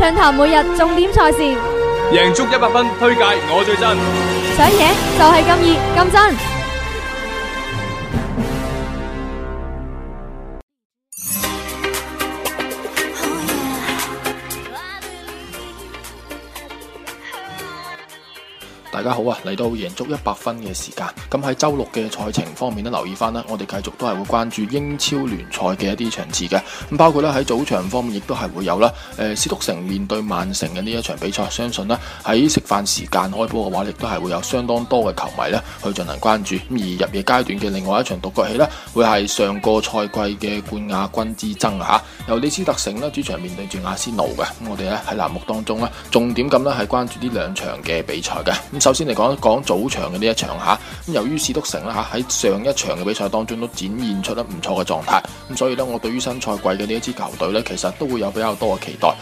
暢談每日重點賽事，贏足一百分，推介我最真，想贏就係咁易咁真。大家好啊！嚟到贏足一百分嘅時間，咁喺週六嘅賽程方面呢，留意翻啦。我哋繼續都係會關注英超聯賽嘅一啲場次嘅咁，包括咧喺早場方面，亦都係會有啦。誒、呃，史篤城面對曼城嘅呢一場比賽，相信呢喺食飯時間開波嘅話，亦都係會有相當多嘅球迷呢去進行關注。咁而入夜階段嘅另外一場獨角戲呢，會係上個賽季嘅冠亞軍之爭啊！由李斯特城呢，主場面對住阿仙奴嘅。我哋咧喺欄目當中呢，重點咁呢係關注呢兩場嘅比賽嘅。首先嚟講一講早場嘅呢一場吓，咁由於史篤城啦吓，喺上一場嘅比賽當中都展現出得唔錯嘅狀態，咁所以咧我對於新賽季嘅呢一支球隊咧，其實都會有比較多嘅期待。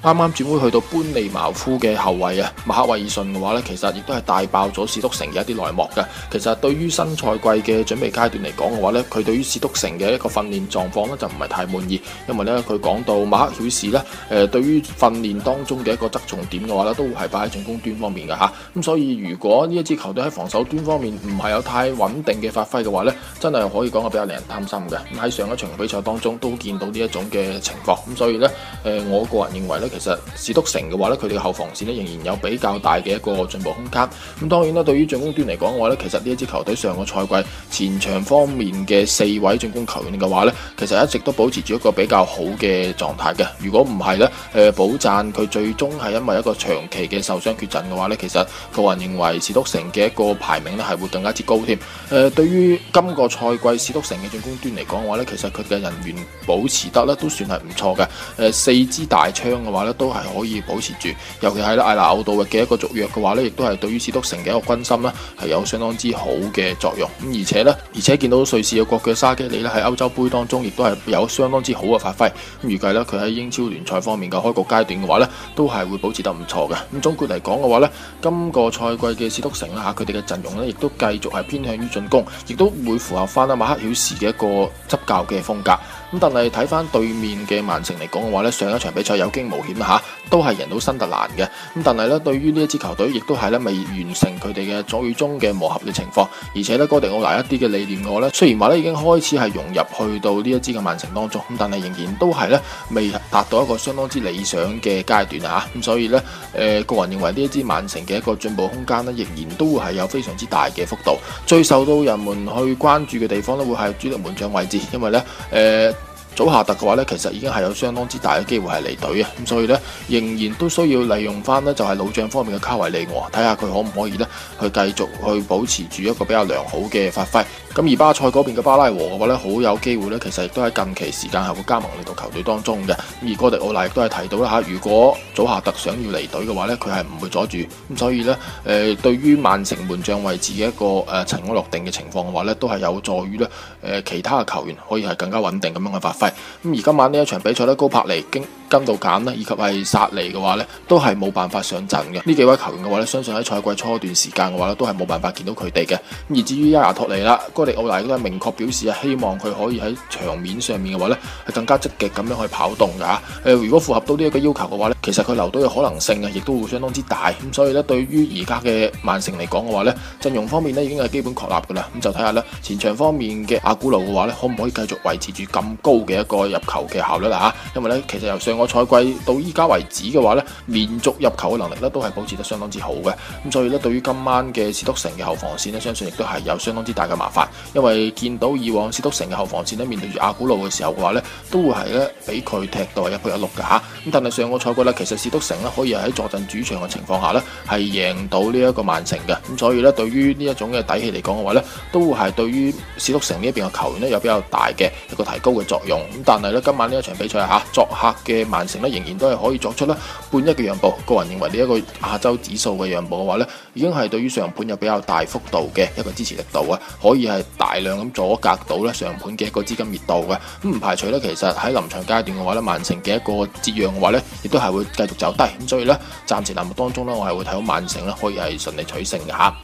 啱啱轉會去到班利茅夫嘅後衞啊，麥克維爾遜嘅話呢，其實亦都係大爆咗史篤城嘅一啲內幕嘅。其實對於新賽季嘅準備階段嚟講嘅話呢，佢對於史篤城嘅一個訓練狀況呢，就唔係太滿意，因為呢，佢講到馬克曉士呢，誒、呃、對於訓練當中嘅一個側重點嘅話呢，都係擺喺進攻端方面嘅吓。咁、嗯、所以如果呢一支球隊喺防守端方面唔係有太穩定嘅發揮嘅話呢，真係可以講係比較令人擔心嘅。喺、嗯、上一場比賽當中都見到呢一種嘅情況，咁、嗯、所以呢，誒、呃、我個人認為呢，其實史篤城嘅話咧，佢哋嘅後防線咧仍然，有比較大嘅一個進步空間。咁當然啦，對於進攻端嚟講嘅話呢，其實呢一支球隊上個賽季前場方面嘅四位進攻球員嘅話呢，其實一直都保持住一個比較好嘅狀態嘅。如果唔係呢，誒，補讚佢最終係因為一個長期嘅受傷缺陣嘅話呢，其實個人認為史篤城嘅一個排名呢係會更加之高添。誒、呃，對於今個賽季史篤城嘅進攻端嚟講嘅話呢，其實佢嘅人員保持得呢都算係唔錯嘅。誒、呃，四支大槍嘅話。都係可以保持住，尤其係咧艾納奧道嘅一個續約嘅話咧，亦都係對於史篤城嘅一個軍心啦，係有相當之好嘅作用。咁而且呢，而且見到瑞士嘅國腳沙基里咧喺歐洲杯當中，亦都係有相當之好嘅發揮。咁預計咧，佢喺英超聯賽方面嘅開局階段嘅話咧，都係會保持得唔錯嘅。咁總括嚟講嘅話呢，今個賽季嘅史篤城啦吓，佢哋嘅陣容咧，亦都繼續係偏向於進攻，亦都會符合翻阿馬克曉時嘅一個執教嘅風格。咁但係睇翻對面嘅曼城嚟講嘅話咧，上一場比賽有驚無險啦，都係贏到新特蘭嘅。咁但係咧，對於呢一支球隊，亦都係咧未完成佢哋嘅最終中嘅磨合嘅情況。而且咧，哥迪奧拿一啲嘅理念嘅話咧，我雖然話咧已經開始係融入去到呢一支嘅曼城當中，咁但係仍然都係咧未達到一個相當之理想嘅階段吓。咁所以咧，呃，個人認為呢一支曼城嘅一個進步空間咧，仍然都係有非常之大嘅幅度。最受到人們去關注嘅地方咧，會係主力門將位置，因為咧，呃祖夏特嘅話咧，其實已經係有相當之大嘅機會係離隊嘅，咁所以咧，仍然都需要利用翻咧就係老將方面嘅卡維利，我睇下佢可唔可以咧去繼續去保持住一個比較良好嘅發揮。咁而巴塞嗰邊嘅巴拉和嘅話咧，好有機會咧，其實亦都喺近期時間係會加盟呢度球隊當中嘅。而哥迪奧拉亦都係提到啦嚇，如果祖夏特想要離隊嘅話咧，佢係唔會阻住。咁所以咧，誒、呃、對於曼城門將位置嘅一個誒塵埃落定嘅情況嘅話咧，都係有助於咧誒其他嘅球員可以係更加穩定咁樣去發揮。咁而今晚呢一場比賽咧，高柏尼經。跟到減啦，以及係殺嚟嘅話咧，都係冇辦法上陣嘅。呢幾位球員嘅話咧，相信喺賽季初段時間嘅話咧，都係冇辦法見到佢哋嘅。咁而至於亞托尼啦，哥迪奧拿都係明確表示啊，希望佢可以喺場面上面嘅話咧，係更加積極咁樣去跑動㗎嚇。誒、呃，如果符合到呢一個要求嘅話咧，其實佢留隊嘅可能性啊，亦都會相當之大。咁所以咧，對於而家嘅曼城嚟講嘅話咧，陣容方面咧已經係基本確立㗎啦。咁就睇下咧前場方面嘅阿古路嘅話咧，可唔可以繼續維持住咁高嘅一個入球嘅效率啦嚇。因為咧，其實由上我賽季到依家為止嘅話咧，連續入球嘅能力咧都係保持得相當之好嘅，咁所以咧，對於今晚嘅士篤城嘅後防線咧，相信亦都係有相當之大嘅麻煩，因為見到以往士篤城嘅後防線咧，面對住阿古路嘅時候嘅話咧，都會係咧俾佢踢到係一比一六嘅嚇。但係上個賽季咧，其實史篤城咧可以喺坐鎮主場嘅情況下咧，係贏到呢一個曼城嘅。咁所以咧，對於呢一種嘅底氣嚟講嘅話咧，都會係對於史篤城呢一邊嘅球員咧，有比較大嘅一個提高嘅作用。咁但係咧，今晚呢一場比賽啊，吓作客嘅曼城咧，仍然都係可以作出咧半一嘅讓步。個人認為呢一個亞洲指數嘅讓步嘅話咧，已經係對於上盤有比較大幅度嘅一個支持力度啊，可以係大量咁阻隔到咧上盤嘅一個資金熱度嘅。咁唔排除咧，其實喺臨場階段嘅話咧，曼城嘅一個折讓。話咧，亦都係會繼續走低，咁所以咧，暫時欄目當中咧，我係會睇到曼城咧可以係順利取勝嘅吓。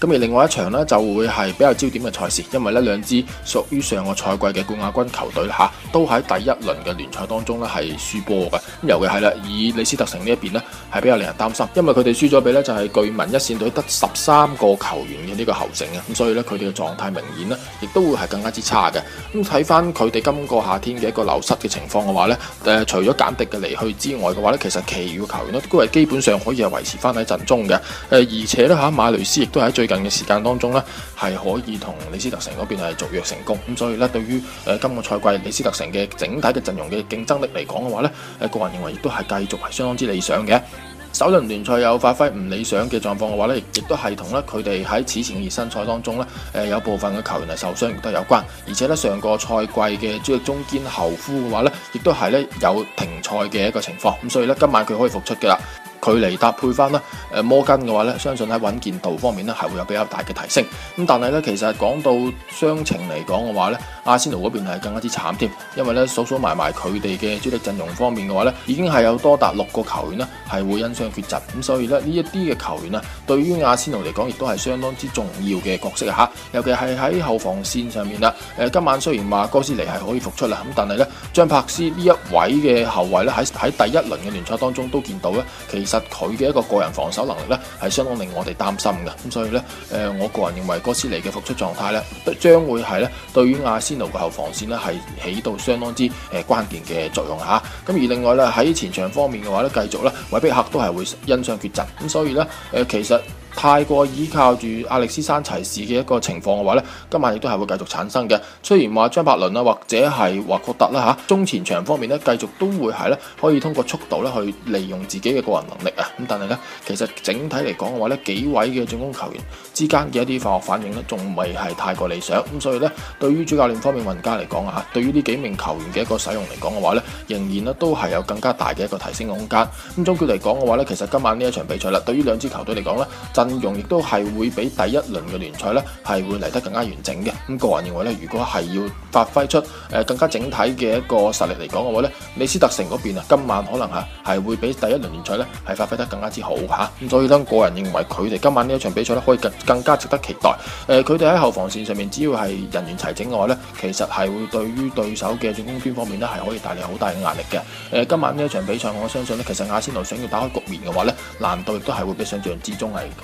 咁而另外一場呢，就會係比較焦點嘅賽事，因為呢兩支屬於上個賽季嘅冠亞軍球隊下、啊、都喺第一輪嘅聯賽當中呢係輸波嘅。咁尤其係啦，以李斯特城呢一邊呢，係比較令人擔心，因為佢哋輸咗畀呢，就係、是、據聞一線隊得十三個球員嘅呢個侯城嘅，咁所以呢，佢哋嘅狀態明顯呢，亦都會係更加之差嘅。咁睇翻佢哋今個夏天嘅一個流失嘅情況嘅話呢，呃、除咗簡迪嘅離去之外嘅話呢，其實其餘嘅球員呢，都係基本上可以係維持翻喺陣中嘅、啊。而且呢，啊、馬雷斯亦都喺最近嘅時間當中咧，係可以同李斯特城嗰邊係續約成功，咁所以咧，對於誒今個賽季李斯特城嘅整體嘅陣容嘅競爭力嚟講嘅話咧，誒個人認為亦都係繼續係相當之理想嘅。首輪聯賽有發揮唔理想嘅狀況嘅話咧，亦都係同咧佢哋喺此前嘅熱身賽當中咧，誒有部分嘅球員係受傷亦都有關，而且咧上個賽季嘅主力中堅侯夫嘅話咧，亦都係咧有停賽嘅一個情況，咁所以咧今晚佢可以復出嘅啦。距離搭配返摩根嘅話，相信喺穩健度方面係會有比較大嘅提升。但係呢，其實講到傷情嚟講嘅話阿仙奴嗰邊係更加之慘添，因為咧，數數埋埋佢哋嘅主力陣容方面嘅話咧，已經係有多達六個球員呢係會因傷缺陣，咁所以咧，呢一啲嘅球員啊，對於阿仙奴嚟講亦都係相當之重要嘅角色吓，尤其係喺後防線上面啦。誒、呃，今晚雖然話哥斯尼係可以復出啦，咁但係咧，張柏斯呢一位嘅後衛咧喺喺第一輪嘅聯賽當中都見到咧，其實佢嘅一個個人防守能力咧係相當令我哋擔心嘅，咁所以咧誒、呃、我個人認為哥斯尼嘅復出狀態咧，將會係咧對於阿仙。後防線咧係起到相當之誒關鍵嘅作用吓，咁而另外咧喺前場方面嘅話咧，繼續咧韋伯客都係會因傷缺陣，咁所以咧誒其實。太過依靠住阿歷斯山齊士嘅一個情況嘅話呢今晚亦都係會繼續產生嘅。雖然話張伯倫啊，或者係華確特啦嚇，中前場方面呢，繼續都會係呢，可以通過速度咧去利用自己嘅個人能力啊。咁但係呢，其實整體嚟講嘅話呢幾位嘅進攻球員之間嘅一啲化學反應呢，仲未係太過理想。咁所以呢，對於主教練方面雲加嚟講啊，對於呢幾名球員嘅一個使用嚟講嘅話呢，仍然呢都係有更加大嘅一個提升嘅空間。咁總結嚟講嘅話呢，其實今晚呢一場比賽啦，對於兩支球隊嚟講呢。陣容亦都係會比第一輪嘅聯賽咧係會嚟得更加完整嘅。咁個人認為咧，如果係要發揮出誒更加整體嘅一個實力嚟講嘅話咧，李斯特城嗰邊啊，今晚可能吓係會比第一輪聯賽咧係發揮得更加之好吓。咁所以咧，個人認為佢哋今晚呢一場比賽咧可以更更加值得期待。誒，佢哋喺後防線上面只要係人員齊整嘅話咧，其實係會對於對手嘅進攻端方面咧係可以帶嚟好大嘅壓力嘅。誒，今晚呢一場比賽，我相信咧，其實阿仙奴想要打開局面嘅話咧，難度亦都係會比想象之中嚟。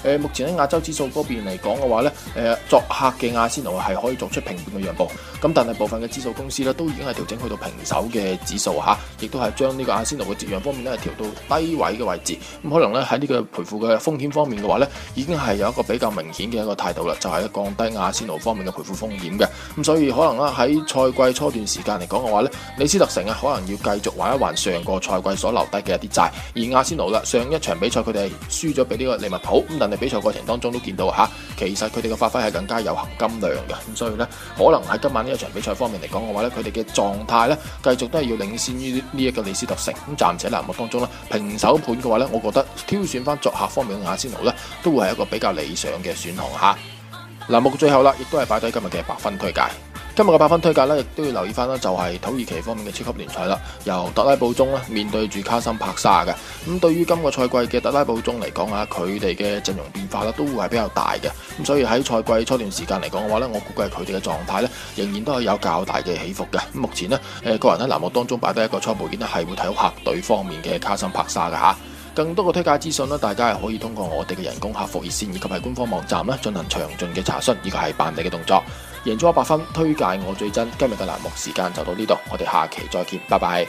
誒、呃、目前喺亞洲指數嗰邊嚟講嘅話咧，誒、呃、作客嘅亞仙奴係可以作出平半嘅讓步，咁但係部分嘅指數公司咧都已經係調整去到平手嘅指數吓，亦、啊、都係將呢個亞仙奴嘅折讓方面咧係調到低位嘅位置，咁、嗯、可能咧喺呢在這個賠付嘅風險方面嘅話咧，已經係有一個比較明顯嘅一個態度啦，就係、是、降低亞仙奴方面嘅賠付風險嘅，咁、嗯、所以可能咧喺賽季初段時間嚟講嘅話咧，李斯特城啊可能要繼續還一還上個賽季所留低嘅一啲債，而亞仙奴啦上一場比賽佢哋輸咗俾呢個利物浦比賽過程當中都見到吓，其實佢哋嘅發揮係更加有含金量嘅，咁所以呢，可能喺今晚呢一場比賽方面嚟講嘅話呢，佢哋嘅狀態呢，繼續都係要領先於呢一個里斯特城。咁暫且欄目當中咧，平手盤嘅話呢，我覺得挑選翻作客方面嘅亞仙奴呢，都會係一個比較理想嘅選項吓。欄目最後啦，亦都係擺低今日嘅白分推介。今日嘅八分推介咧，亦都要留意翻啦，就係土耳其方面嘅超級聯賽啦。由特拉布宗咧，面對住卡森帕沙嘅。咁對於今個賽季嘅特拉布宗嚟講啊，佢哋嘅陣容變化啦，都會係比較大嘅。咁所以喺賽季初段時間嚟講嘅話咧，我估計佢哋嘅狀態咧，仍然都係有較大嘅起伏嘅。咁目前呢，誒個人喺欄目當中擺低一個初步建議係會睇好客隊方面嘅卡森帕沙嘅吓。更多嘅推介資訊呢，大家係可以通過我哋嘅人工客服熱線以及係官方網站呢進行詳盡嘅查詢，呢個係辦理嘅動作。贏咗一百分，推介我最真。今日嘅欄目時間就到呢度，我哋下期再見，拜拜。